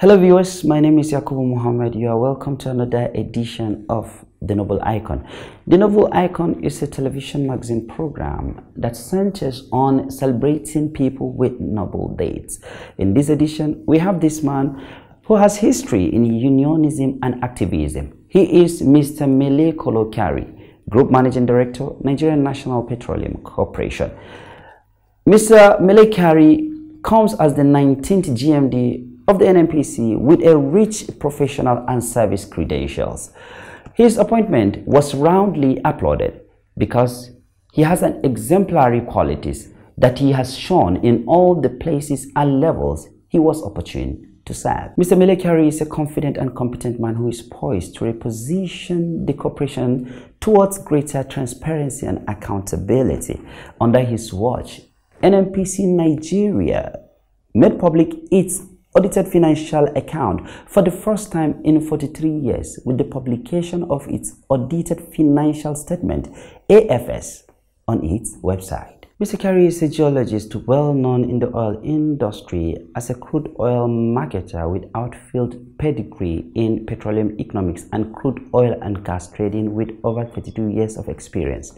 Hello viewers, my name is Yakubu Muhammad. You are welcome to another edition of The Noble Icon. The Noble Icon is a television magazine program that centers on celebrating people with noble dates. In this edition, we have this man who has history in unionism and activism. He is Mr. Mele Kolokari, Group Managing Director, Nigerian National Petroleum Corporation. Mr. Mele Kari comes as the 19th GMD of the NMPC with a rich professional and service credentials. His appointment was roundly applauded because he has an exemplary qualities that he has shown in all the places and levels he was opportune to serve. Mr. Milekari is a confident and competent man who is poised to reposition the corporation towards greater transparency and accountability. Under his watch, NMPC Nigeria made public its audited financial account for the first time in 43 years with the publication of its audited financial statement, AFS, on its website. Mr. Kerry is a geologist well known in the oil industry as a crude oil marketer with outfield pedigree in petroleum economics and crude oil and gas trading with over 32 years of experience.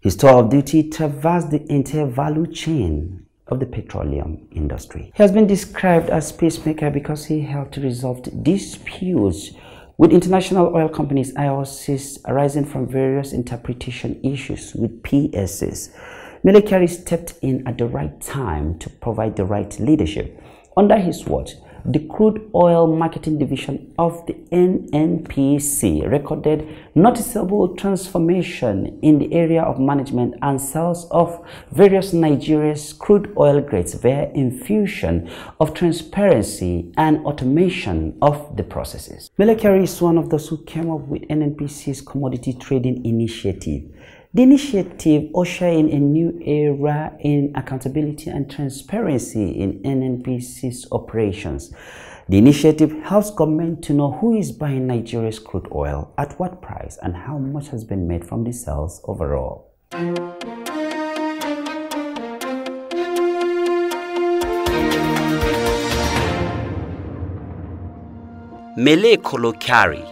His tour of duty traversed the entire value chain of the petroleum industry. He has been described as peacemaker because he helped resolve disputes with international oil companies IOCs arising from various interpretation issues with P.S.S. Military stepped in at the right time to provide the right leadership. Under his watch, the crude oil marketing division of the NNPC recorded noticeable transformation in the area of management and sales of various Nigeria's crude oil grades via infusion of transparency and automation of the processes. Melekari is one of those who came up with NNPC's commodity trading initiative the initiative ushering a new era in accountability and transparency in NNPC's operations. The initiative helps government to know who is buying Nigeria's crude oil, at what price, and how much has been made from the sales overall. Mele Kolokari,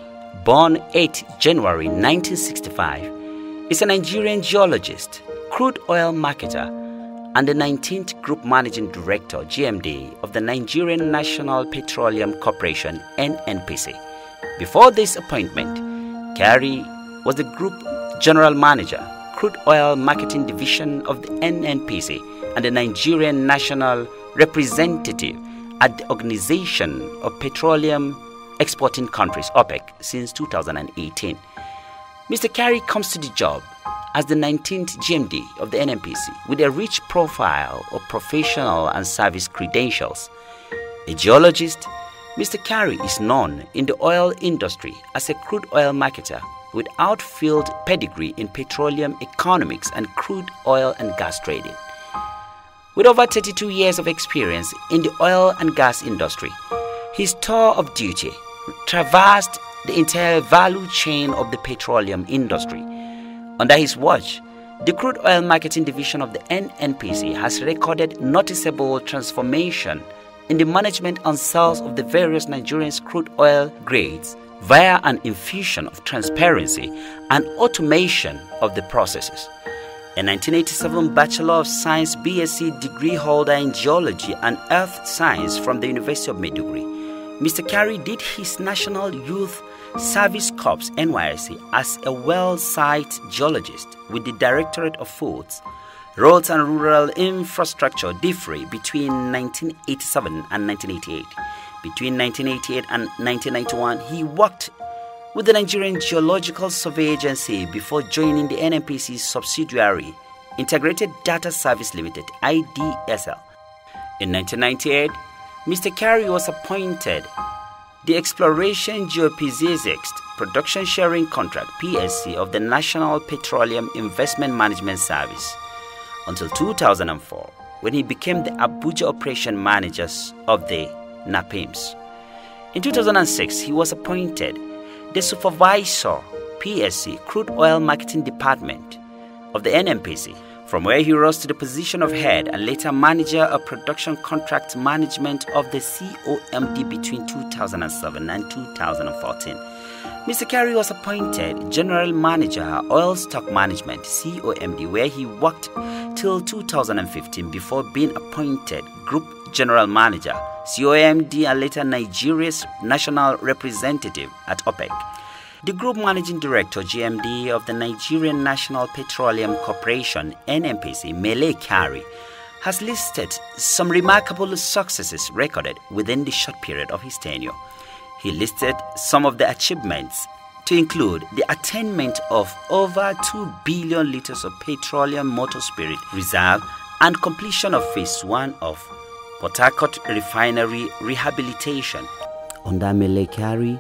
born 8 January 1965, is a Nigerian geologist, crude oil marketer, and the 19th Group Managing Director GMD of the Nigerian National Petroleum Corporation NNPC. Before this appointment, Kerry was the Group General Manager, Crude Oil Marketing Division of the NNPC and the Nigerian National Representative at the Organization of Petroleum Exporting Countries OPEC since 2018. Mr. Carey comes to the job as the 19th GMD of the NMPC with a rich profile of professional and service credentials. A geologist, Mr. Carey is known in the oil industry as a crude oil marketer with outfield pedigree in petroleum economics and crude oil and gas trading. With over 32 years of experience in the oil and gas industry, his tour of duty traversed the entire value chain of the petroleum industry. Under his watch, the crude oil marketing division of the NNPC has recorded noticeable transformation in the management and sales of the various Nigerian crude oil grades via an infusion of transparency and automation of the processes. A 1987 Bachelor of Science BSc degree holder in Geology and Earth Science from the University of Maiduguri, Mr. Carey did his National Youth Service Corps NYC as a well-site geologist with the Directorate of Foods, Roads and Rural Infrastructure DIFRI between 1987 and 1988. Between 1988 and 1991, he worked with the Nigerian Geological Survey Agency before joining the NNPC subsidiary Integrated Data Service Limited IDSL. In 1998, Mr. Carey was appointed the Exploration Geophysics Production Sharing Contract PSC of the National Petroleum Investment Management Service until 2004 when he became the Abuja Operation Managers of the NAPIMS. In 2006, he was appointed the Supervisor PSC Crude Oil Marketing Department of the NMPC from where he rose to the position of head and later manager of production contract management of the COMD between 2007 and 2014. Mr. Carey was appointed General Manager Oil Stock Management COMD where he worked till 2015 before being appointed Group General Manager COMD and later Nigeria's National Representative at OPEC. The Group Managing Director GMD of the Nigerian National Petroleum Corporation NNPC Mele Kari has listed some remarkable successes recorded within the short period of his tenure. He listed some of the achievements to include the attainment of over 2 billion liters of petroleum motor spirit reserve and completion of phase 1 of Port Harcourt refinery rehabilitation. Under Melekari,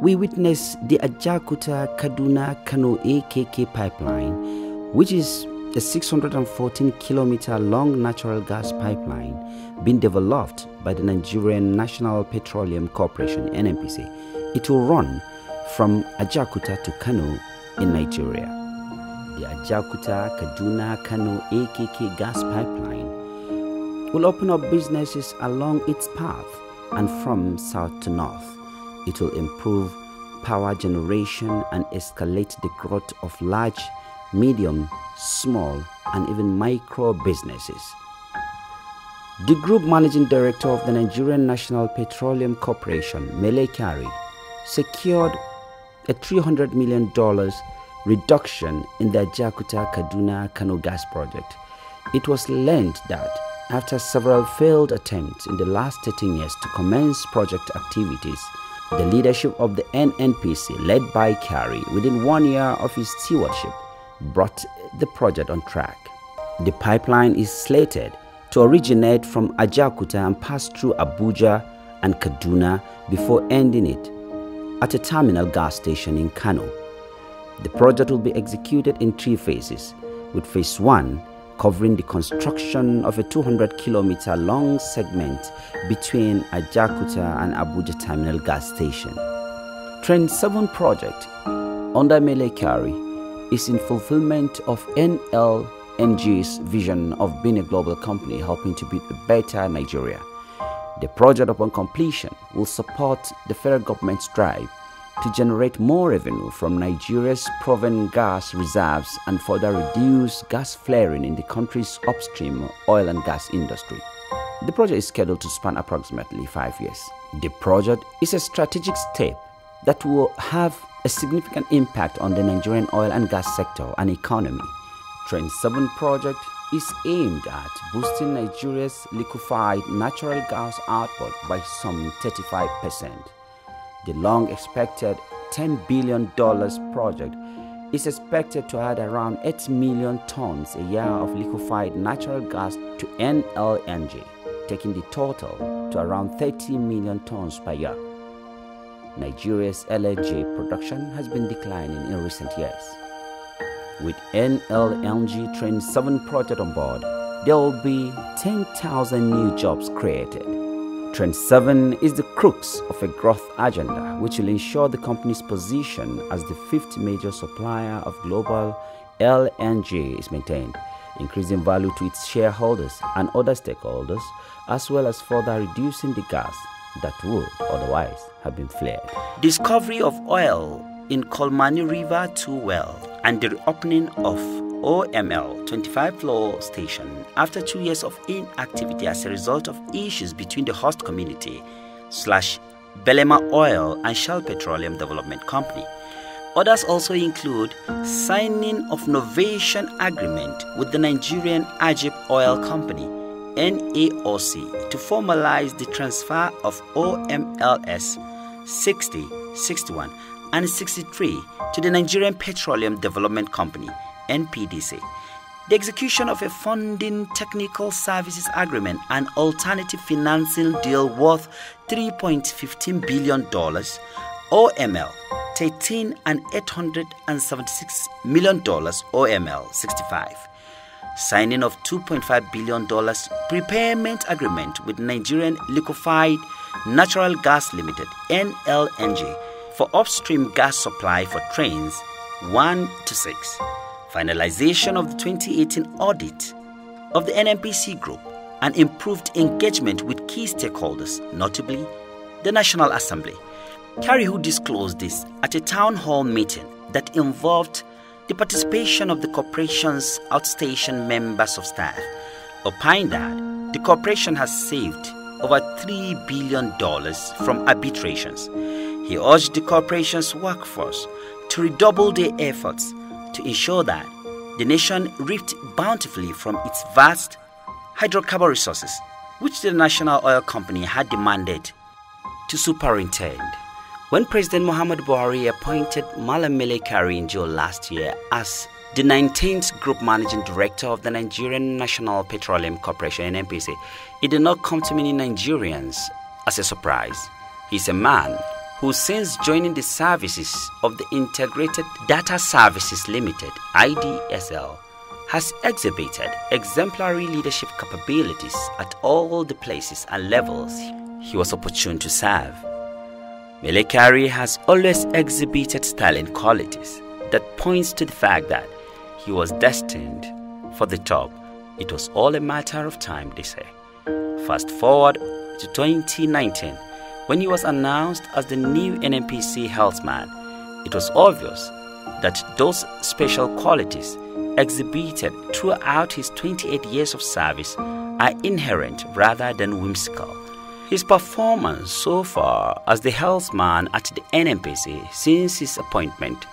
we witnessed the Ajakuta Kaduna Kano AKK pipeline, which is a 614 kilometer long natural gas pipeline being developed by the Nigerian National Petroleum Corporation NNPC. It will run from Ajakuta to Kano in Nigeria. The Ajakuta Kaduna Kano AKK gas pipeline will open up businesses along its path and from south to north. It will improve power generation and escalate the growth of large, medium, small, and even micro businesses. The group managing director of the Nigerian National Petroleum Corporation, Mele Kari, secured a $300 million reduction in the Jakuta Kaduna Kano gas project. It was learned that after several failed attempts in the last 13 years to commence project activities, the leadership of the NNPC, led by Kerry, within one year of his stewardship, brought the project on track. The pipeline is slated to originate from Ajakuta and pass through Abuja and Kaduna before ending it at a terminal gas station in Kano. The project will be executed in three phases, with phase 1 covering the construction of a 200 kilometer long segment between Ajakuta and Abuja Terminal gas station. Train 7 project under Kari is in fulfillment of NLNG's vision of being a global company helping to build a better Nigeria. The project upon completion will support the federal government's drive to generate more revenue from Nigeria's proven gas reserves and further reduce gas flaring in the country's upstream oil and gas industry. The project is scheduled to span approximately five years. The project is a strategic step that will have a significant impact on the Nigerian oil and gas sector and economy. Train 7 project is aimed at boosting Nigeria's liquefied natural gas output by some 35 percent. The long expected $10 billion project is expected to add around 8 million tons a year of liquefied natural gas to NLNG, taking the total to around 30 million tons per year. Nigeria's LNG production has been declining in recent years. With NLNG Train 7 project on board, there will be 10,000 new jobs created. Trend 7 is the crux of a growth agenda which will ensure the company's position as the fifth major supplier of global LNG is maintained, increasing value to its shareholders and other stakeholders, as well as further reducing the gas that would otherwise have been flared. Discovery of oil in Kolmani River 2 well and the opening of OML 25 Floor Station after two years of inactivity as a result of issues between the host community slash Belema Oil and Shell Petroleum Development Company. Others also include signing of novation agreement with the Nigerian Ajib Oil Company NAOC to formalize the transfer of OMLS 60, 61 and 63 to the Nigerian Petroleum Development Company NPDC, the execution of a funding technical services agreement and alternative financing deal worth $3.15 billion, OML 13 and $876 million, OML 65. Signing of $2.5 billion prepayment agreement with Nigerian Liquefied Natural Gas Limited, NLNG, for upstream gas supply for trains 1 to 6 finalization of the 2018 audit of the NMPC Group, and improved engagement with key stakeholders, notably the National Assembly. Carrie disclosed this at a town hall meeting that involved the participation of the corporation's outstation members of staff, opined that the corporation has saved over $3 billion from arbitrations. He urged the corporation's workforce to redouble their efforts to ensure that the nation reaped bountifully from its vast hydrocarbon resources, which the National Oil Company had demanded to superintend. When President Muhammad Buhari appointed Malam Melekari in June last year as the 19th Group Managing Director of the Nigerian National Petroleum Corporation NPC, it did not come to many Nigerians as a surprise. He's a man who since joining the services of the Integrated Data Services Limited IDSL has exhibited exemplary leadership capabilities at all the places and levels he was opportune to serve. Melekari has always exhibited sterling qualities that points to the fact that he was destined for the top. It was all a matter of time, they say. Fast forward to 2019 when he was announced as the new NMPC healthman, it was obvious that those special qualities exhibited throughout his 28 years of service are inherent rather than whimsical. His performance so far as the healthman at the NMPC since his appointment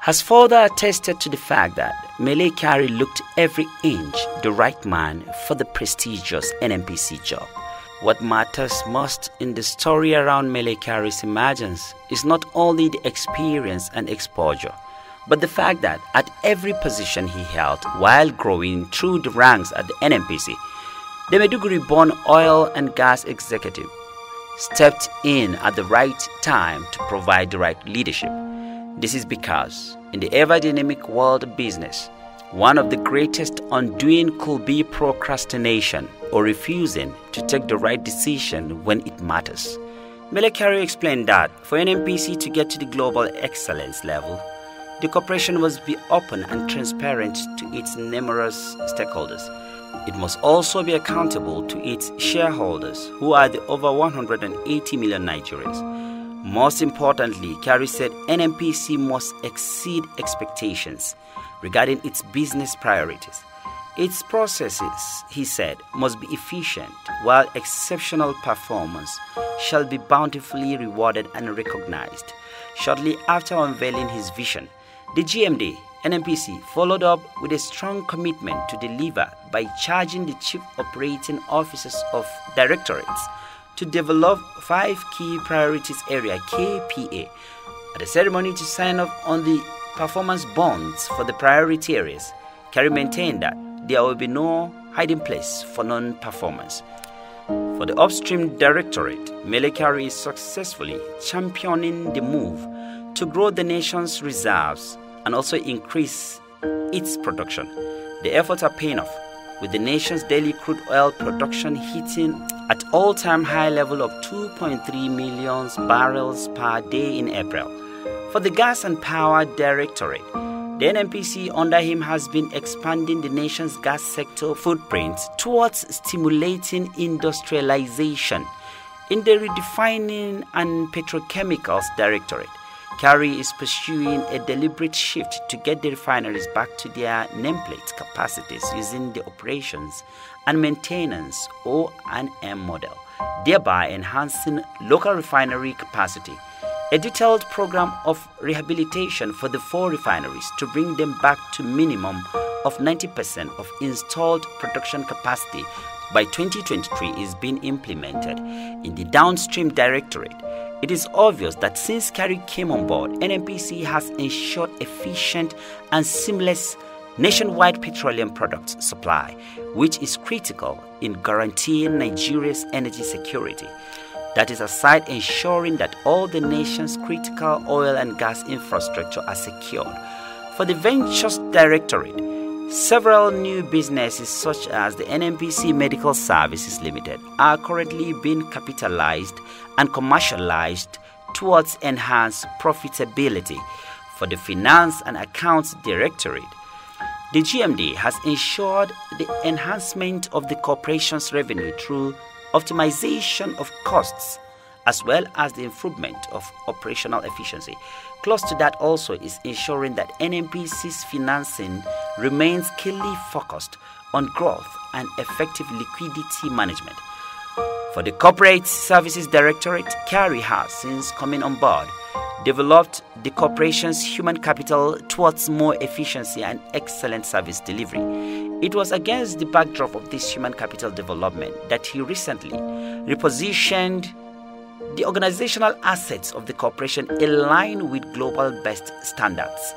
has further attested to the fact that Mele Kari looked every inch the right man for the prestigious NMPC job. What matters most in the story around Melekari's emergence is not only the experience and exposure, but the fact that at every position he held while growing through the ranks at the NMPC, the Maiduguri-born oil and gas executive stepped in at the right time to provide the right leadership. This is because in the ever-dynamic world of business, one of the greatest undoing could be procrastination or refusing to take the right decision when it matters. Melekario explained that for NMPC to get to the global excellence level, the corporation must be open and transparent to its numerous stakeholders. It must also be accountable to its shareholders, who are the over 180 million Nigerians. Most importantly, Kerry said NMPC must exceed expectations regarding its business priorities. Its processes, he said, must be efficient, while exceptional performance shall be bountifully rewarded and recognized. Shortly after unveiling his vision, the GMD NMPC followed up with a strong commitment to deliver by charging the chief operating officers of directorates to develop five key priorities area KPA at the ceremony to sign off on the performance bonds for the priority areas. Kerry maintained that there will be no hiding place for non performance. For the upstream directorate, Military is successfully championing the move to grow the nation's reserves and also increase its production. The efforts are paying off, with the nation's daily crude oil production hitting at all-time high level of 2.3 million barrels per day in April. For the Gas and Power Directorate, the NMPC under him has been expanding the nation's gas sector footprint towards stimulating industrialization in the Redefining and Petrochemicals Directorate. Kerry is pursuing a deliberate shift to get the refineries back to their nameplate capacities using the operations and maintenance or an M model, thereby enhancing local refinery capacity a detailed program of rehabilitation for the four refineries to bring them back to minimum of 90% of installed production capacity by 2023 is being implemented in the downstream directorate. It is obvious that since Kerry came on board, NMPC has ensured efficient and seamless nationwide petroleum products supply, which is critical in guaranteeing Nigeria's energy security that is aside ensuring that all the nation's critical oil and gas infrastructure are secured. For the Ventures Directorate, several new businesses such as the NMBC Medical Services Limited are currently being capitalized and commercialized towards enhanced profitability. For the Finance and Accounts Directorate, the GMD has ensured the enhancement of the corporation's revenue through optimization of costs, as well as the improvement of operational efficiency. Close to that also is ensuring that NMPC's financing remains keenly focused on growth and effective liquidity management. For the Corporate Services Directorate, Carrie has, since coming on board, developed the corporation's human capital towards more efficiency and excellent service delivery. It was against the backdrop of this human capital development that he recently repositioned the organizational assets of the corporation line with global best standards.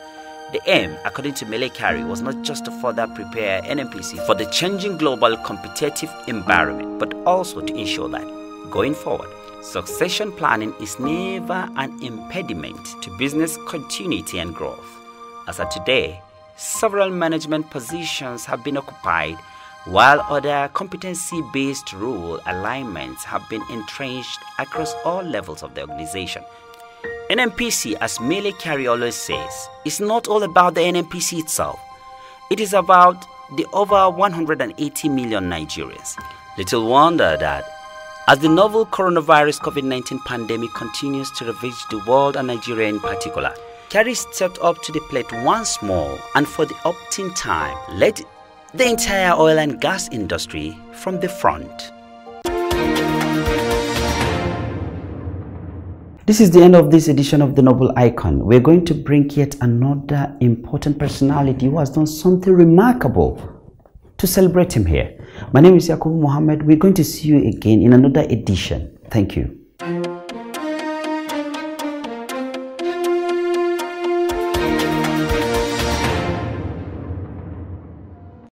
The aim, according to Melekari, was not just to further prepare NMPC for the changing global competitive environment, but also to ensure that, going forward, succession planning is never an impediment to business continuity and growth. As of today, several management positions have been occupied, while other competency-based role alignments have been entrenched across all levels of the organization. NMPC, as Mele Carey always says, is not all about the NMPC itself. It is about the over 180 million Nigerians. Little wonder that as the novel coronavirus COVID 19 pandemic continues to ravage the world and Nigeria in particular, Kerry stepped up to the plate once more, and for the opting time, led the entire oil and gas industry from the front. This is the end of this edition of The Noble Icon. We're going to bring yet another important personality who has done something remarkable to celebrate him here. My name is Yakub Mohammed. We're going to see you again in another edition. Thank you.